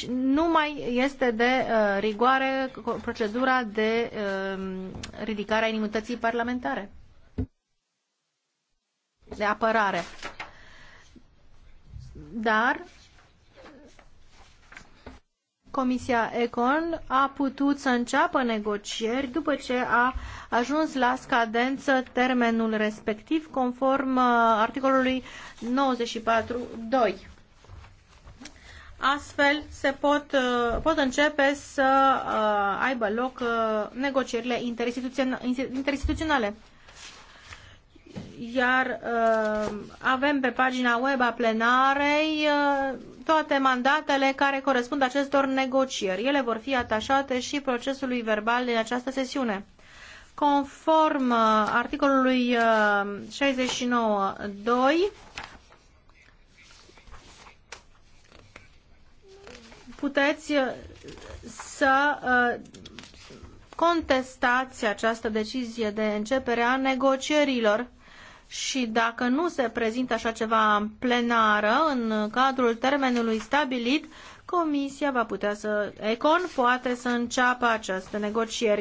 Deci nu mai este de uh, rigoare procedura de uh, ridicare a imunității parlamentare, de apărare. Dar Comisia Econ a putut să înceapă negocieri după ce a ajuns la scadență termenul respectiv conform uh, articolului 94.2. Astfel se pot, uh, pot începe să uh, aibă loc uh, negocierile interinstituționale. Iar avem pe pagina web a plenarei toate mandatele care corespund acestor negocieri. Ele vor fi atașate și procesului verbal din această sesiune. Conform articolului 69.2, puteți uh, să uh, contestați această decizie de începere a negocierilor și dacă nu se prezintă așa ceva în plenară, în cadrul termenului stabilit, Comisia va putea să, Econ poate să înceapă aceste negocieri.